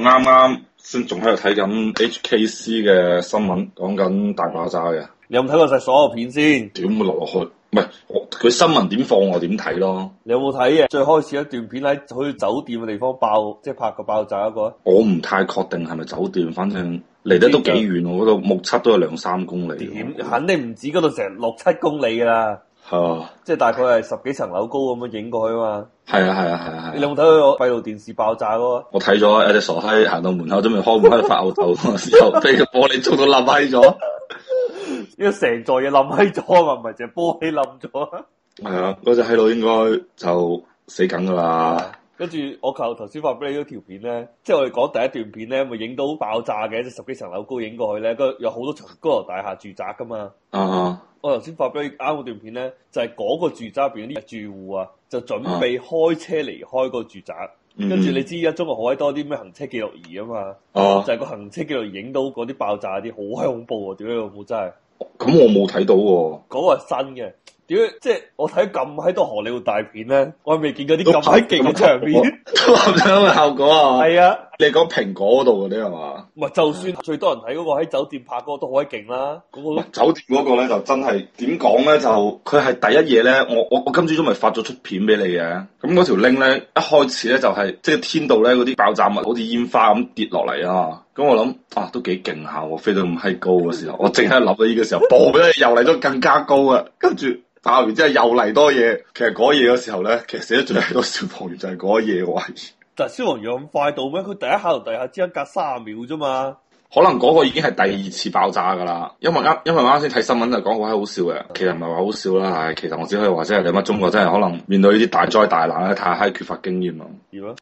我啱啱先仲喺度睇緊 HKC 嘅新聞，講緊大爆炸嘅。你有冇睇過晒所有片先？點會落落去？唔係，我佢新聞點放我點睇咯？你有冇睇呀？最開始一段片喺去酒店嘅地方爆，即係拍個爆炸一個。我唔太確定係咪酒店，反正離得都幾遠，我嗰度目測都有兩三公里。點我肯定唔止嗰度成六七公里㗎啦。哦，即係 Merci、uh, 大概係十幾層樓高咁樣影過去啊嘛，係啊係，啊係啊，西 Mind Broadway 你有冇睇到個閉路電視爆炸咯？我睇咗，有隻傻閪行到門口，準備開門喺度發吽哣，又俾個玻璃衝到冧閪咗，因為成座嘢冧閪咗啊嘛，唔係淨係玻璃冧咗啊？係啊，嗰隻喺度應該就死緊噶啦。跟住我求頭先發俾你嗰條片咧，即係我哋講第一段片咧，咪影到爆炸嘅，即係十幾層樓高影過去咧，嗰有好多高樓大廈住宅噶嘛。啊。Uh, 我頭先發俾啱嗰段片咧，就係、是、嗰個住宅邊啲住戶啊，就準備開車離開個住宅，啊、跟住你知而家中國好嗨多啲咩行車記錄儀啊嘛，啊就係個行車記錄儀影到嗰啲爆炸啲好恐怖啊！點解我冇真係？咁、就是、我冇睇到喎，嗰個係新嘅，點解即係我睇咁喺多荷里活大片咧，我未見過啲咁嗨勁嘅場面，咁樣嘅效果啊，係 對啊。 你講蘋果嗰度嗰啲係嘛？唔係，就算最多人睇嗰、嗰個喺酒店拍嗰、嗰個嗰個都好勁啦。酒店嗰個咧就真係點講咧？就佢係第一夜咧，我我我今朝都咪發咗出片俾你嘅。咁嗰條 link 咧，一開始咧就係即係天度咧嗰啲爆炸物，好似煙花咁跌落嚟啊。咁我諗啊，都幾勁下，我飛到咁閪高嘅時候，我淨係諗到呢個時候，嘣你 又嚟咗更加高啊。跟住打完之後又嚟多嘢。其實嗰嘢嘅時候咧，其實死得最多消防員就係嗰夜疑。 但消防員有咁快到咩？佢第一下同第二下之間隔三十秒啫嘛。可能嗰個已經係第二次爆炸噶啦，因為啱因為啱先睇新聞就講好好笑嘅，其實唔係話好笑啦，係其實我只可以話即係你乜中國真係可能面對呢啲大災大難咧太閪缺乏經驗咯。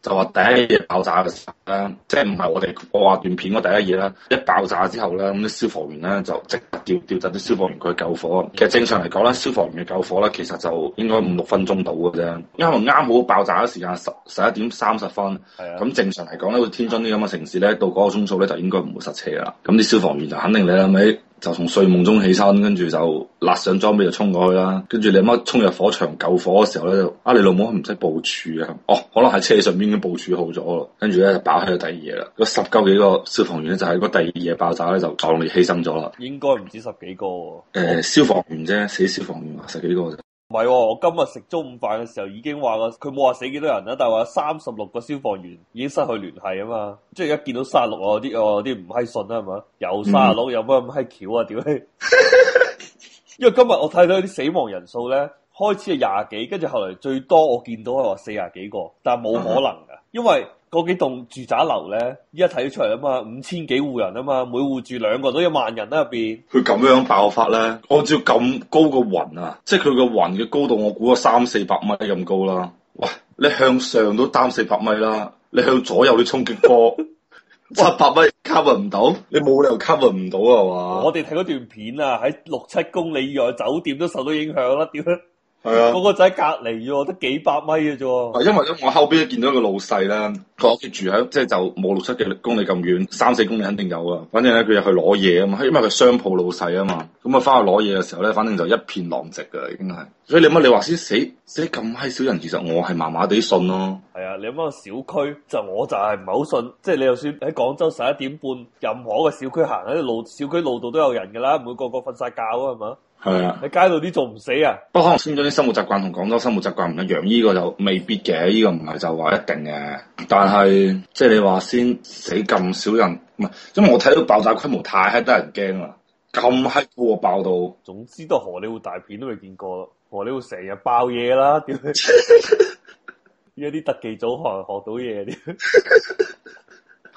就話第一日爆炸嘅時候咧，即係唔係我哋我話段片我第一日咧一爆炸之後咧，咁啲消防員咧就即刻調調集啲消防員佢救火。其實正常嚟講咧，消防員嘅救火咧，其實就應該五六分鐘到嘅啫，因為啱好爆炸嘅時間十十一點三十分，咁正常嚟講咧，天津呢咁嘅城市咧，到嗰個鐘數咧就應該唔會失。車啦，咁啲消防員就肯定你諗咪，就從睡夢中起身，跟住就拉上裝備就衝過去啦。跟住你乜衝入火場救火嘅時候咧，啊你老母唔識部署啊，哦可能喺車上面已經部署好咗咯，跟住咧就爆喺個第二夜啦。個十九幾個消防員咧就喺、是、個第二夜爆炸咧就壯烈犧牲咗啦。應該唔止十幾個。誒、呃，消防員啫，死消防員啊，十幾個啫。唔係、啊，我今日食中午飯嘅時候已經話過，佢冇話死幾多人啦，但係話三十六個消防員已經失去聯繫啊嘛，即係一見到卅六啊啲啊啲唔閪信啦係嘛，有卅六，有咩咁閪巧啊屌你！ 因為今日我睇到啲死亡人數咧，開始係廿幾，跟住後嚟最多我見到係話四廿幾個，但係冇可能噶，因為。嗰幾棟住宅樓咧，依家睇出嚟，啊嘛，五千幾戶人啊嘛，每戶住兩個人都一萬人啦入邊，佢咁樣爆發咧，按照咁高個雲啊，即係佢個雲嘅高度，我估咗三四百米咁高啦。喂，你向上都擔四百米啦，你向左右你衝擊波， 七百米 cover 唔到，你冇理由 cover 唔到啊嘛。我哋睇嗰段片啊，喺六七公里以外酒店都受到影響啦，點樣？係啊，uh, 個仔隔籬啫，得幾百米嘅啫。係因為咧，我後邊都見到一個老細啦，佢屋企住喺，即係就冇、是、六七嘅公里咁遠，三四公里肯定有啊。反正咧，佢又去攞嘢啊嘛，因為佢商鋪老細啊嘛，咁啊翻去攞嘢嘅時候咧，反正就一片狼藉嘅，已經係。所以你諗下你話先死死咁閪少人，其實我係麻麻地信咯。係啊，你諗下小區就我就係唔係好信，即、就、係、是、你就算喺廣州十一點半，任何一個小區行喺路，小區路度都有人噶啦，唔會個個瞓晒覺啊，係嘛。係啊，喺街度啲做唔死啊！不可能深圳啲生活習慣同廣州生活習慣唔一樣，呢、這個就未必嘅，呢、這個唔係就話一定嘅。但係即係你話先死咁少人，唔係，因為我睇到爆炸規模太閪得人驚啦，咁閪粗爆到，總之都荷里活大片都未見過咯，荷里活成日爆嘢啦，點樣啲特技組學學到嘢？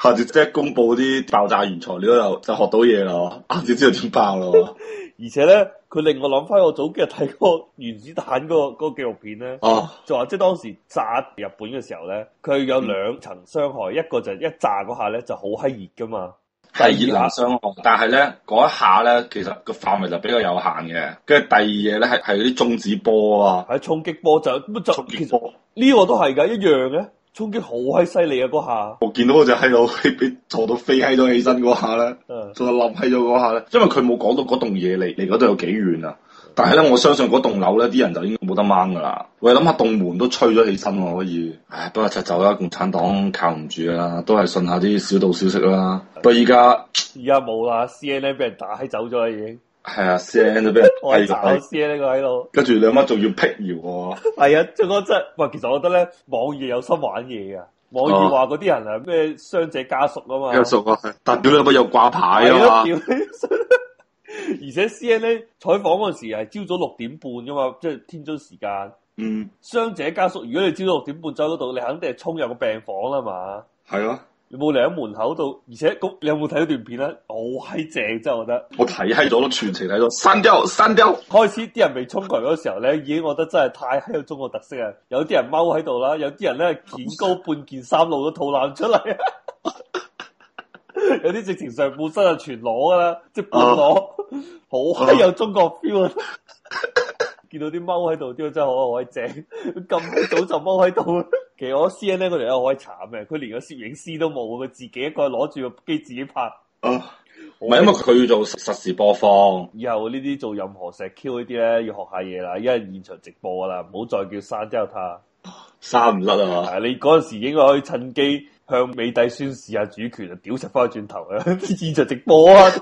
下次 即係公布啲爆炸原材料就就學到嘢咯。下次知道點爆咯？ 而且咧，佢令我諗翻我早幾日睇嗰個原子彈嗰、那個嗰個紀錄片咧，就話、啊、即係當時炸日本嘅時候咧，佢有兩層傷害，嗯、一個就是、一炸嗰下咧就好閪熱噶嘛，第二下傷害，但係咧嗰一下咧，其實個範圍就比較有限嘅，跟住第二嘢咧係係啲中子波啊，係衝擊波就咁就其實呢個都係噶，一樣嘅。衝擊好閪犀利啊！嗰下 我見到嗰隻喺度，俾坐到飛閪咗起身嗰下咧，仲有冧閪咗嗰下咧，因為佢冇講到嗰棟嘢嚟，嚟嗰度有幾遠啊！但係咧，我相信嗰棟樓咧，啲人就應該冇得掹噶啦。喂，諗下棟門都吹咗起身喎，可以。唉，不過就走啦、啊，共產黨靠唔住啊，都係信下啲小道消息啦。不過依家依家冇啦，C N N 俾人打起走咗啦，已經。係啊都 ，C N A 俾人拖走，C N A 個喺度，跟住兩蚊仲要闢謠喎。係 啊，仲講真，喂，其實我覺得咧，網易有心玩嘢噶。網易話嗰啲人傷啊，咩傷者家屬啊嘛。家屬啊，但屌你有媽又掛牌啊 而且 C N A 採訪嗰時係朝早六點半噶嘛，即係天津時間。嗯。傷者家屬，如果你朝早六點半走嗰度，你肯定係衝入個病房啦嘛。係啊。你冇嚟喺門口度，而且咁你有冇睇到段片咧？好閪正真，我覺得我睇閪咗，全程睇咗。山雕，山雕，開始啲人未衝過嚟嗰時候咧，已經我覺得真係太閪有中國特色啊！有啲人踎喺度啦，有啲人咧件高半件衫露咗肚腩出嚟啊！ 有啲直情上半身啊全裸噶啦，即半裸，好閪、啊、 有中國 feel 啊！見到啲踎喺度，真係真係好鬼正，咁 早就踎喺度。 其實我 C N 咧，條友好鬼慘嘅，佢連個攝影師都冇，佢自己一個攞住個機自己拍。唔係、啊是，因為佢要做實，實時播放。以後呢啲做任何石 Q 呢啲咧，要學下嘢啦，因為現場直播噶啦，唔好再叫刪之後睇，刪唔甩啊！你嗰陣時應該可以趁機向美帝宣示下主權，屌實翻轉頭啦！ 現場直播啊！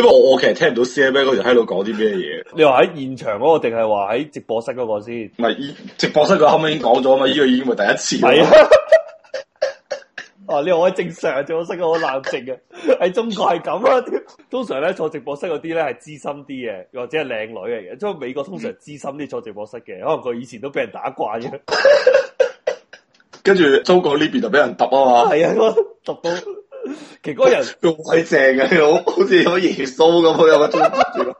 因為我，我其實聽唔到 CMA 嗰時喺度講啲咩嘢。你話喺現場嗰、那個定係話喺直播室嗰、那個先？唔係，直播室佢後屘已經講咗啊嘛，呢 個已經係第一次。係是啊。哦、 啊，你話我喺正常，直播室靜，我好冷靜嘅。喺中國係咁啊！ 通常咧坐直播室嗰啲咧係資深啲嘅，或者係靚女嚟嘅。即係美國通常資深啲坐直播室嘅，可能佢以前都俾人打慣咗。 跟住中國呢邊就俾人揼啊嘛。係 啊，揼到。 奇哥人仲鬼正嘅，好似有似耶穌咁樣，有塊磚搭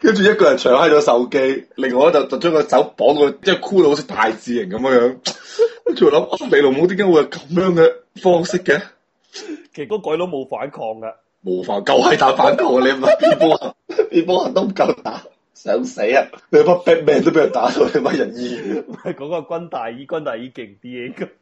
跟住一個人搶閪咗手機，另外就一就就將個手綁到，即係箍到好似大字形咁樣樣。我仲諗，你老母點解會有咁樣嘅方式嘅？奇哥鬼佬冇反抗嘅，冇反夠閪、就是、打反抗啊！你波行？你波行都唔夠打，想死啊！你乜劈命，都俾人打到你乜人醫？唔係嗰個軍大衣，軍大衣勁啲嘅。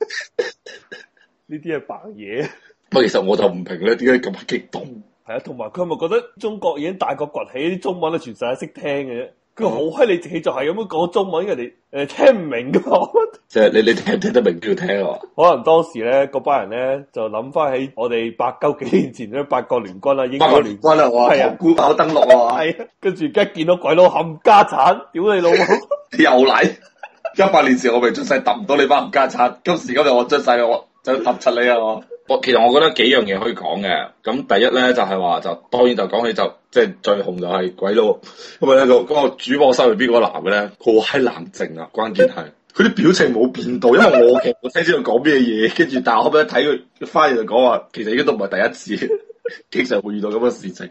呢啲係白嘢，不過其實我就唔平咧，點解咁激動？係啊，同埋佢咪覺得中國已經大國崛起，啲中文都全世界識聽嘅啫。佢好犀利，你自己就係咁樣講中文，人哋 你誒聽唔明嘅。即係你你聽唔聽得明就要聽咯。可能當時咧，嗰班人咧就諗翻起我哋八九幾年前咧，八國聯軍啦、啊，英國聯軍啦，係啊，孤島登陸啊，係跟住一見到鬼佬冚家鏟，屌 你老母又嚟！一百 奶 年前我未出世，揼唔到你班冚家鏟，今時今日我出世我。就揼柒你啊！我，我其實我覺得幾樣嘢可以講嘅。咁第一咧就係話就當然就講起就即係最紅就係鬼佬。因為、 嗯，老講個主播室裏邊個男嘅咧，好閪冷靜啊！關鍵係佢啲表情冇變到，因為我其實我聽知佢講咩嘢，跟住但係我冇得睇佢翻嚟就講話，其實應該都唔係第一次， 經常會遇到咁嘅事情。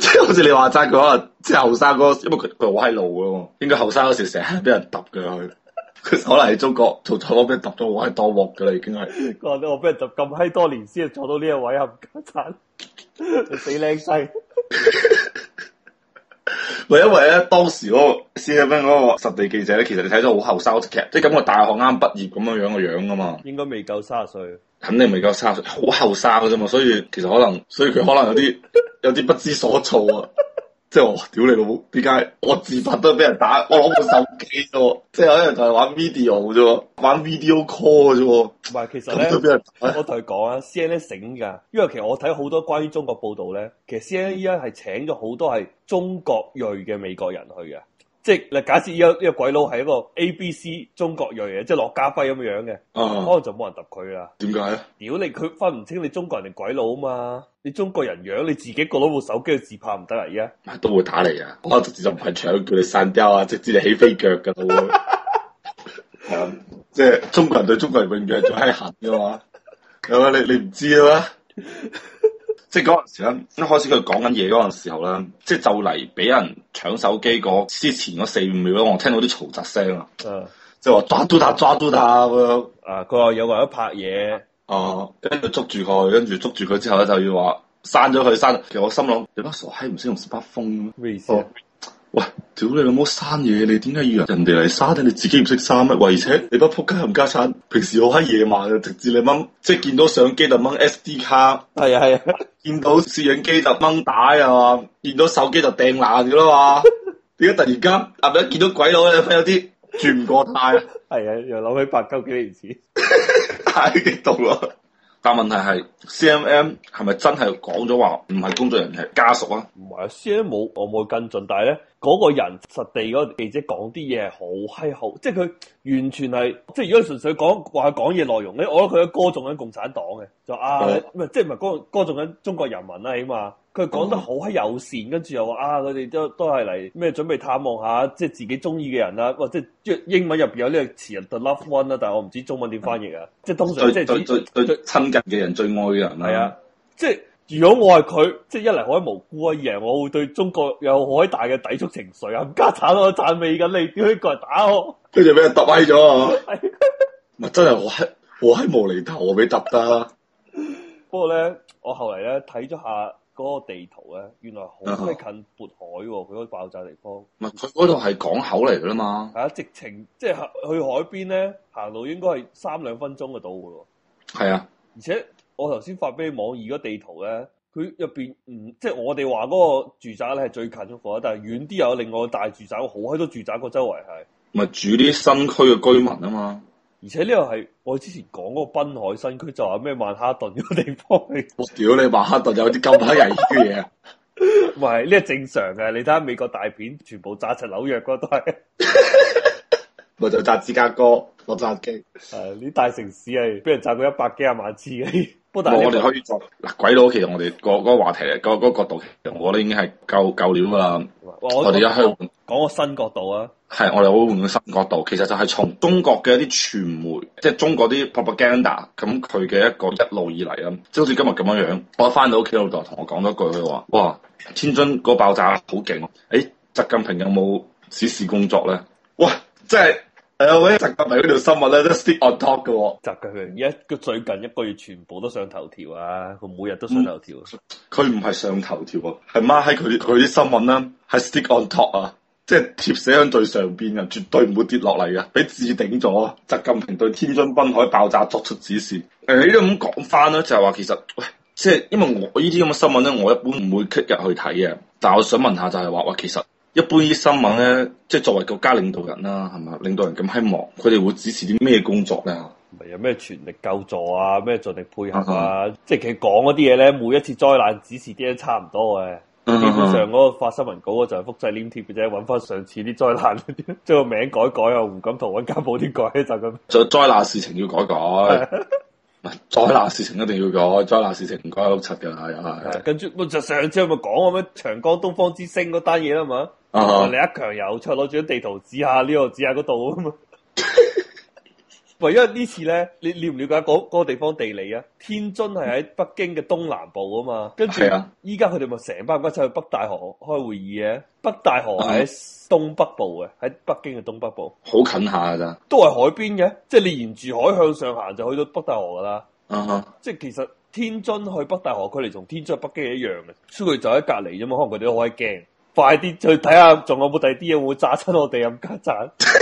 即係好似你話齋，佢嗰個即係後生哥，因為佢佢好閪老嘅喎，應該後生嗰時成日俾人揼佢去。佢可能喺中國做採訪，俾人揼咗好閪多鑊噶啦，已經係。我我俾人揼咁閪多年先坐到呢個位，唔簡單，死靚仔。喂，因為咧當時嗰個 CNN 嗰個實地記者咧，其實你睇咗好後生嗰出劇，即係感覺大學啱畢業咁樣樣嘅樣噶嘛。應該未夠卅歲。肯定未夠卅歲，好後生噶啫嘛。所以其實可能，所以佢可能有啲 有啲不知所措。啊。 即係我屌你老母，點解我自拍都俾人打？我攞個手機啫， 即係有人同係玩 video 啫，玩 video call 啫。唔係，其實咧，都人呢我同佢講啊，C N N 醒噶，因為其實我睇好多關於中國報道咧，其實 C N N 而家係請咗好多係中國裔嘅美國人去嘅。即係嗱，假設呢個呢個鬼佬係一個 A B C 中國裔嘅，即係駱家輝咁樣樣嘅，啊、可能就冇人揼佢啦。點解咧？如果你佢分唔清你中國人定鬼佬啊嘛？你中國人樣，你自己攞到部手機去自拍唔得啊依家。都會打你啊！我直接就唔係搶，叫你散雕啊！直接你起飛腳噶啦會。係啊、 嗯，即係中國人對中國人永遠係恨嘅嘛。係咪， 你你唔知啊嘛？即係嗰陣時咧，一開始佢講緊嘢嗰陣時候咧，即係就嚟俾人搶手機嗰之前嗰四五秒，我聽到啲嘈雜聲啊，即係話抓住打，抓住打」。啊，佢話有為咗拍嘢。哦，跟住捉住佢，跟住捉住佢之後咧，就要話刪咗佢刪。其實我心諗，你班傻閪唔識用 Snapc 喂，屌你老母生嘢！你點解要人哋嚟生定？你自己唔識生，啊？咩？喂，而且你不仆街冚家鏟，平時我喺夜晚就直接你掹，即係見到相機就掹 SD 卡，係啊係啊，見到攝影機就掹帶啊嘛，見到手機就掟爛噶啦嘛，點解突然間係咪一見到鬼佬咧，有啲轉唔過態啊？係啊，又諗起八九幾年前 太激動啦！但問題係，C M M 係咪真係講咗話唔係工作人員係家屬啊？唔係啊，C M、MM、冇我冇跟進，但係咧，嗰個人實地嗰個記者講啲嘢係好閪好，即係佢完全係即係如果純粹講話講嘢內容咧，我覺得佢都歌頌緊共產黨嘅，就啊，的即係唔係歌歌頌緊中國人民啦，起碼。佢講得好閪友善，跟住又話啊，佢哋都都係嚟咩準備探望下，即係自己中意嘅人啦，或者即係英文入邊有呢個詞叫 love one 啦，但係我唔知中文點翻譯啊，啊，即係通常即係最最最親近嘅人、最愛嘅人係啊，即係如果我係佢，即係一嚟好閪無辜啊，二嚟我會對中國有好大嘅抵觸情緒啊，唔加產我讚美緊你，點解過嚟打我？跟住俾人揼低咗啊！唔 真係我係我係無厘頭俾揼低。 不過咧，我後嚟咧睇咗下。嗰個地圖咧，原來好近渤海喎，哦，佢嗰個爆炸地方。唔係佢嗰度係港口嚟噶嘛？嚇，啊，直情，即係去海邊咧，行路應該係三兩分鐘就到嘅喎。係啊，而且我頭先發俾你網易嗰地圖咧，佢入邊唔即係我哋話嗰個住宅咧係最近咗，但係遠啲有另外個大住宅，好喺多住宅個周圍係。唔係住啲新區嘅居民啊嘛。而且呢個係我之前講嗰個濱海新區，就話、是、咩曼哈頓嗰個地方。屌你曼哈頓有啲咁鬼奇異嘅，唔係呢係正常嘅。你睇下美國大片全部炸出紐約嗰都係，咪 就炸芝加哥，我炸機。係呢、 啊、大城市係俾人炸過一百幾啊萬次嘅。不我哋可以做嗱鬼佬，其實我哋個嗰個話題咧，個個角度，其實我都已經係夠夠料噶啦。我哋一香港講個新角度啊！.係我哋會換個新角度，其實就係從中國嘅一啲傳媒，即係中國啲 propaganda，咁佢嘅一個一路以嚟啦，即好似今日咁樣樣。我翻到屋企老豆同我講咗句，佢話：哇，天津個爆炸好勁，誒，習近平有冇指示工作咧？哇，即係誒，喂習近平嗰條新聞咧都 stick on top 嘅。習近平而家佢最近一個月全部都上頭條啊，佢每日都上頭條啊。佢唔係上頭條啊，係 mark 喺佢佢啲新聞啦，係 stick on top 啊。即係貼寫喺最上邊嘅，絕對唔會跌落嚟嘅，俾置頂咗。習近平對天津濱海爆炸作出指示。誒、欸，你都咁講翻啦，就係、是、話其實，喂即係因為我呢啲咁嘅新聞咧，我一般唔會 kick 入去睇嘅。但係我想問下就，就係話，話其實一般啲新聞咧，即係作為國家領導人啦、啊，係嘛？領導人咁希望，佢哋會指示啲咩工作咧？咪有咩全力救助啊？咩盡力配合啊？即係其實講嗰啲嘢咧，每一次災難指示啲都差唔多嘅。Uh huh. 基本上嗰個發新聞稿就貼，就係複製黏貼嘅啫，搵翻上次啲災難嗰啲，將個名改改啊，胡錦濤溫家寶啲改就咁。就 災難事情要改改，唔災 難事情一定要改，災難事情唔改。六七噶啦又係。跟住就上次咪講啊咩長江東方之星嗰單嘢啦嘛，李克、uh huh. 強又再攞住地圖指下呢度、這個、指下嗰度啊嘛。 喂，因為次呢次咧，你了唔了解嗰個地方地理啊？天津係喺北京嘅東南部啊嘛，跟住依家佢哋咪成班人一齊去北大河開會議啊？北大河係喺東北部嘅，喺北京嘅東北部，好近下噶咋？都係海邊嘅，即係你沿住海向上行就去到北大河噶啦。Uh huh. 即係其實天津去北大河距離同天津北京一樣嘅，所以就喺隔離啫嘛。可能佢哋都好驚，快啲去睇下仲有冇第啲嘢會炸親我哋冚家鏟。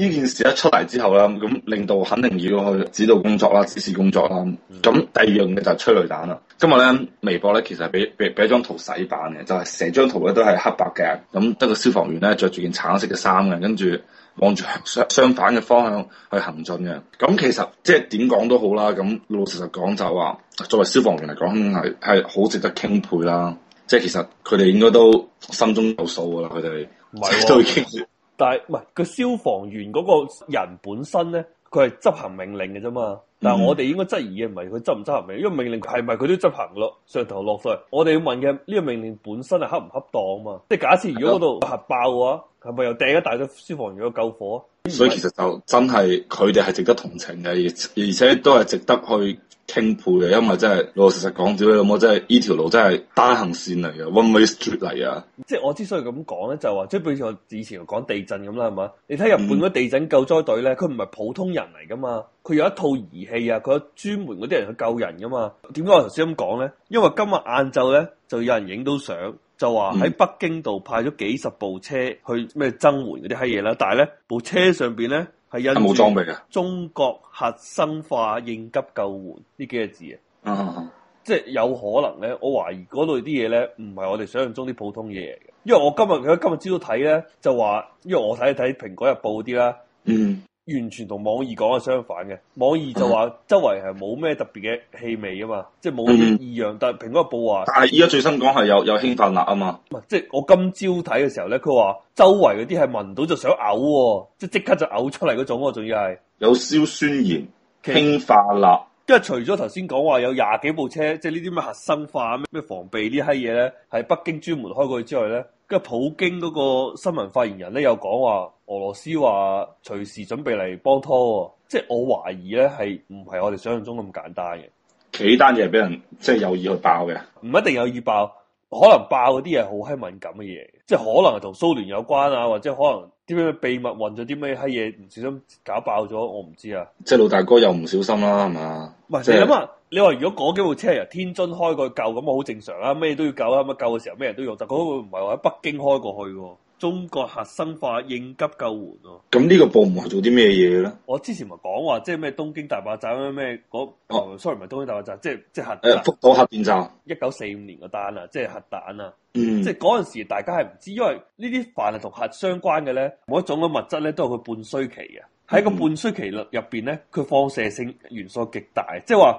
呢件事一出嚟之後啦，咁領導肯定要去指導工作啦、指示工作啦。咁第二樣嘅就係催淚彈啦。今日咧微博咧其實俾俾俾一張圖洗版嘅，就係成張圖咧都係黑白嘅，咁、那、得個消防員咧着住件橙色嘅衫嘅，跟住望住相相反嘅方向去行進嘅。咁其實即係點講都好啦，咁老老實實講就話、是，作為消防員嚟講，係係好值得敬佩啦。即係其實佢哋應該都心中有數噶啦，佢哋都已經。 但係，唔係個消防員嗰個人本身咧，佢係執行命令嘅啫嘛。但我哋應該質疑嘅唔係佢執唔執行命令，因為命令係咪佢都執行咯？上頭落帥，我哋要問嘅呢、這個命令本身係恰唔恰當嘛？即係假設如果嗰度核爆嘅，啊，話，係咪又掟一大堆消防員去救火，啊？所以其實就真係佢哋係值得同情嘅，而且都係值得去。傾配嘅，因為真係老老實實講，只你諗我真係呢條路真係單行線嚟嘅，one way street 嚟啊！即係我之所以咁講咧，就話即係，比如我以前講地震咁啦，係嘛？你睇日本嗰地震救災隊咧，佢唔係普通人嚟噶嘛，佢有一套儀器啊，佢有專門嗰啲人去救人噶嘛。點解我頭先咁講咧？因為今日晏晝咧就有人影到相，就話喺北京度派咗幾十部車去咩增援嗰啲閪嘢啦，但係咧部車上邊咧。係因冇裝備嘅，中國核生化應急救援呢幾個字啊，即係有可能咧，我懷疑嗰類啲嘢咧，唔係我哋想象中啲普通嘢嚟嘅。因為我今日，佢今日朝早睇咧，就話，因為我睇一睇蘋果日報啲啦。嗯。完全同網易講係相反嘅，網易就話周圍係冇咩特別嘅氣味啊嘛，嗯、即係冇異異樣。但蘋果部話，但係依家最新講係有有氰化鈉啊嘛，即係我今朝睇嘅時候咧，佢話周圍嗰啲係聞到就想嘔、哦，即係即刻就嘔出嚟嗰種喎、啊，仲要係有硝酸鹽、氰化鈉。因為除咗頭先講話有廿幾部車，即係呢啲咩核生化、咩防備呢閪嘢咧，喺北京專門開過去之外咧。跟普京嗰個新聞發言人呢，有講話，俄羅斯話隨時準備嚟幫拖喎、哦，即我懷疑呢係唔係我哋想象中咁簡單嘅。幾單嘢係俾人即、就是、有意去爆嘅，唔一定有意爆。可能爆嗰啲嘢好閪敏感嘅嘢，即係可能係同蘇聯有關啊，或者可能啲咩秘密運咗啲咩閪嘢，唔小心搞爆咗，我唔知啊。即係老大哥又唔小心啦，係嘛？唔係，即係，你諗下，你話如果嗰幾部車啊，天津開過去救，咁啊，好正常啦，啊，咩都要救啊，咁啊救嘅時候咩人都用，但嗰個唔係話喺北京開過去喎。中國核生化應急救援哦、啊，咁呢個部門係做啲咩嘢咧？我之前咪講話，即係咩東京大爆炸咁咩哦，sorry，唔係東京大爆炸，即係即係核、啊、福島核電站一九四五年個單啊，即係核彈啊，嗯、即係嗰陣時大家係唔知，因為呢啲凡係同核相關嘅咧，每一種嘅物質咧，都有佢半衰期嘅。喺個半衰期率入邊咧，佢、嗯、放射性元素極大，即係話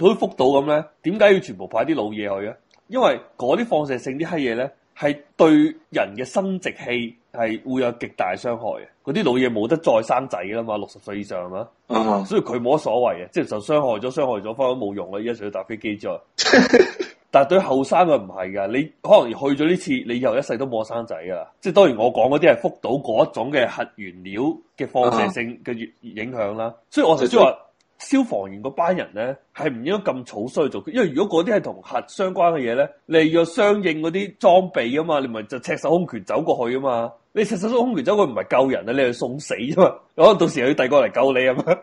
好似福島咁咧，點解要全部派啲老嘢去啊？因為嗰啲放射性啲黑嘢咧。係對人嘅生殖器係會有極大嘅傷害嘅，嗰啲老嘢冇得再生仔噶嘛，六十歲以上啊嘛，uh huh. 所以佢冇乜所謂嘅，即係就傷害咗，傷害咗翻都冇用啦。而家除咗搭飛機之外， 但對後生嘅唔係噶，你可能去咗呢次，你以後一世都冇生仔噶啦。即係當然我講嗰啲係福島嗰種嘅核原料嘅放射性嘅影響啦，uh huh. 所以我成日都話。 消防員嗰班人咧，係唔應該咁草率做，因為如果嗰啲係同核相關嘅嘢咧，你要相應嗰啲裝備啊嘛，你咪就赤手空拳走過去啊嘛，你赤手空拳走過去唔係救人啊，你係送死啫嘛，可能到時候又要第二個嚟救你啊嘛，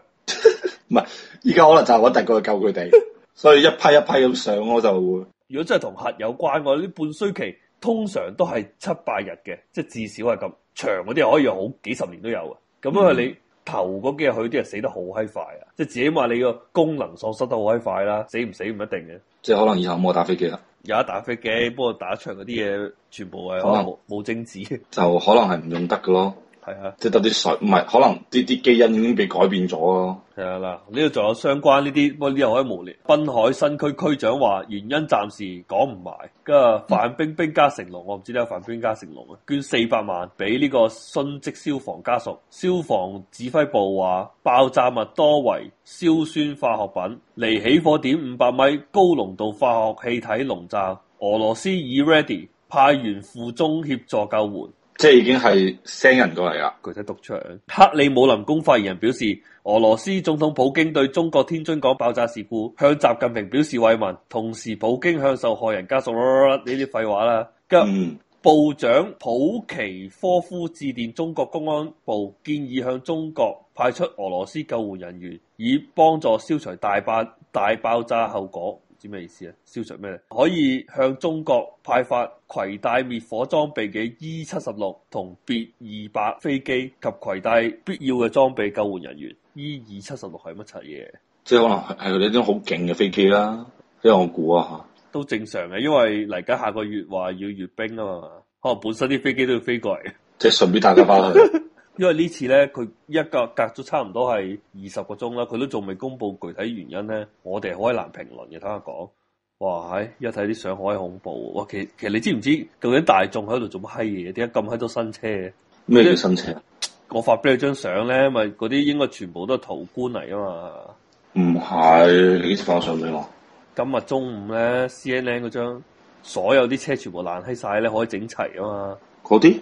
唔係，而家可能就係揾第二個嚟救佢哋， 所以一批一批咁上我就會。如果真係同核有關嘅話呢，半衰期，通常都係七八日嘅，即係至少係咁長，嗰啲可以好幾十年都有嘅，咁因為你、嗯。頭嗰幾日佢啲人死得好閪快啊！即係自己話你個功能喪失得好閪快啦，死唔死唔一定嘅。即係可能以後冇打飛機啦。有一打飛機，不過打場嗰啲嘢全部係可能冇精子，就可能係唔用得㗎咯。 係啊，即係啲水唔係，可能啲啲基因已經被改變咗咯。係啊，嗱，呢度仲有相關呢啲，喂，呢度可以無聊。濱海新區區長話原因暫時講唔埋。跟住范冰冰加成龍，我唔知有范冰冰加成龍啊，捐四百萬俾呢個殉職消防家屬。消防指揮部話爆炸物多為硝酸化學品，離起火點五百米高濃度化學氣體籠罩。俄羅斯已 ready 派員赴中協助救援。即係已經係 send 人過嚟啦，具體讀出來。克里姆林宮發言人表示，俄羅斯總統普京對中國天津港爆炸事故向習近平表示慰問，同時普京向受害人家屬呢啲廢話啦。嘅部長普奇科夫致電中國公安部，建議向中國派出俄羅斯救援人員，以幫助消除大爆大爆炸後果。啲咩意思啊？消除咩？可以向中國派發攜帶滅火裝備嘅 E 七十六同 B 二百飛機及攜帶必要嘅裝備救援人員。E 二七十六係乜柒嘢？即係可能係佢哋一啲好勁嘅飛機啦。即係我估啊，都正常嘅，因為嚟緊下，下個月話要閱兵啊嘛，可能本身啲飛機都要飛過嚟，即係順便帶佢翻去。 因為呢次咧，佢一隔隔咗差唔多係二十個鐘啦，佢都仲未公布具體原因咧。我哋好難評論嘅。睇下講，哇嗨！一睇啲相好恐怖。哇，其實其實你知唔知究竟大眾喺度做乜閪嘢？點解咁閪多新車？咩叫新車？我發俾你張相咧，咪嗰啲應該全部都係途觀嚟啊嘛。唔係，你幾時發我相俾我？今日中午咧，C N N 嗰張，所有啲車全部爛閪晒咧，可以整齊啊嘛。嗰啲？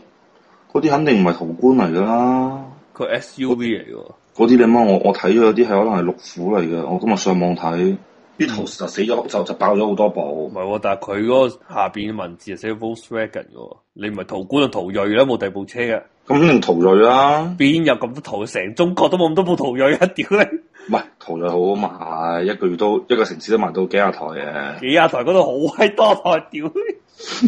嗰啲肯定唔係途觀嚟噶啦，佢 SUV 嚟嘅。嗰啲你啱，我我睇咗啲係可能係陸虎嚟嘅。我今日上網睇，啲圖實死咗就就爆咗好多部。唔係、嗯，但係佢嗰個下邊文字係寫 Volkswagen 嘅，你唔係途觀就途睿啦，冇、啊、第二部車嘅、啊。咁肯定途睿啦。邊有咁多途？成中國都冇咁多部途睿啊！屌你！唔係，途就好啊嘛，一個月都一個城市都賣到幾廿台啊。幾廿台嗰度好閪多台，屌！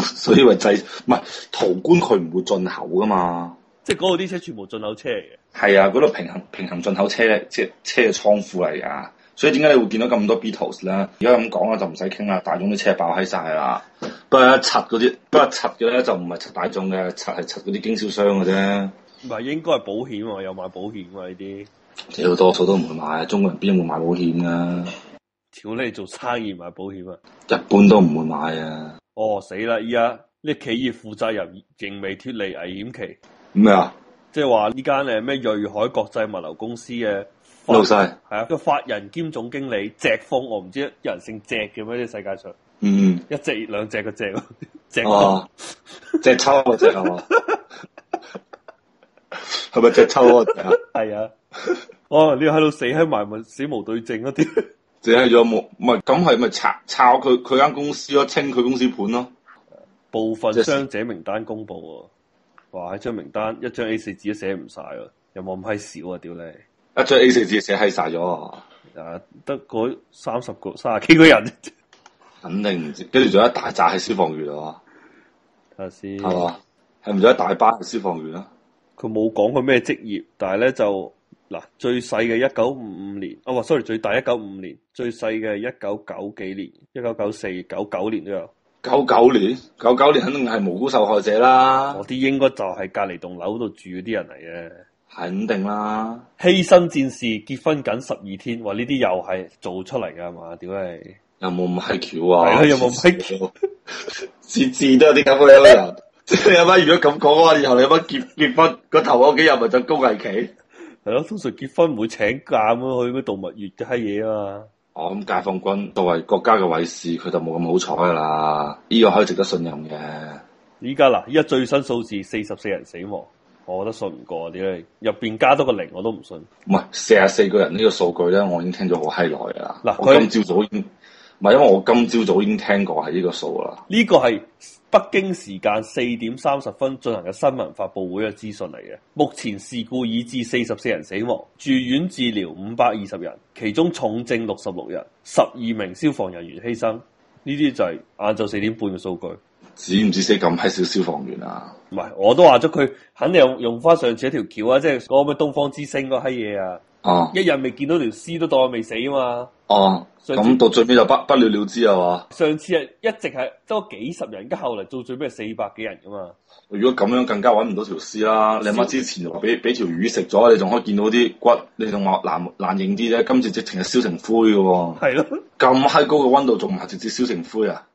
所以咪制唔係？途觀佢唔會進口噶嘛，即係嗰度啲車全部進口車嘅，係啊，嗰度平行平行進口車咧，即係車嘅倉庫嚟啊！所以點解你會見到咁多 Beetles 咧？而家咁講啊，就唔使傾啦，大眾啲車爆喺晒啦， 不拆嗰啲，不拆嘅咧就唔係拆大眾嘅，拆係拆嗰啲經銷商嘅啫。唔係應該係保險喎、啊，有買保險喎呢啲。屌，多數都唔會買啊！中國人邊會買保險啊？屌你做生意買保險啊？日本都唔會買啊！哦，死啦！而家呢企業負責人仍未脱離危險期。咩啊麼？即係話呢間誒咩瑞海國際物流公司嘅老細係啊個法人兼總經理謝峰，我唔知有人姓謝嘅咩？呢世界上嗯嗯，一隻兩隻個謝，謝峰，謝、啊、 差唔多謝啊嘛。 係咪 只抽我 是是啊？係啊！哦，你要喺度死喺埋咪死無對證一啲？死喺有冇咪咁係咪查查佢？佢間公司咯，清佢公司盤咯。部分傷者名單公布啊！哇，一張名單一張 A 四紙都寫唔晒咯，有冇咁閪少啊？屌你！一張 A 四紙寫晒咗啊！得嗰三十個卅幾個人，啊， 肯定唔知，跟住仲有一大紮係消防員啊！係嘛看？係唔係仲有一大班消防員啊？佢冇講佢咩職業，但係咧就嗱最細嘅一九五五年，啊、哦，sorry，最大一九五年，最細嘅一九九幾年，一九九四九九年都有，九九年，九九年肯定係無辜受害者啦，我啲應該就係隔籬棟樓度住嗰啲人嚟嘅，肯定啦，犧牲戰士結婚緊十二天，話呢啲又係做出嚟㗎嘛，點解有冇咁係橋啊？有冇係橋，字字 都有啲咁樣嘅人。即係你阿媽， 如果咁講嘅話，以後你阿媽結結婚個頭嗰幾日咪就高危期？係咯，通常結婚唔會請假咁去咩度蜜月啲閪嘢啊嘛。哦，咁解放軍作為國家嘅衛士，佢就冇咁好彩噶啦。呢個可以值得信任嘅。依家嗱，依家最新數字四十四人死亡，我覺得信唔過啲咧，入邊加多個零我都唔信。唔係四十四個人呢個數據咧，我已經聽咗好閪耐啦。嗱，我今朝早已經。唔係，因為我今朝早，早已經聽過係呢個數啦。呢個係北京時間四點三十分進行嘅新聞發布會嘅資訊嚟嘅。目前事故已致四十四人死亡，住院治療五百二十人，其中重症六十六人，十二名消防人員犧牲。呢啲就係晏晝四點半嘅數據。止唔止四咁閪少消防員啊？唔係，我都話咗佢肯定用翻上次一條橋啊！即係嗰個咩東方之星嗰閪嘢啊！哦，啊、一日未見到條屍都當我未死啊嘛！哦、啊，咁次到最尾就不不了了之，係嘛？上次係一直係多幾十人，而家後嚟到最尾係四百幾人噶嘛？如果咁樣更加搵唔到條屍啦！你乜之前就話俾俾條魚食咗，你仲可以見到啲骨，你仲話難難認啲啫？今次直情係燒成灰噶喎，啊！係咯，咁閪高嘅溫度，仲唔係直接燒成灰啊？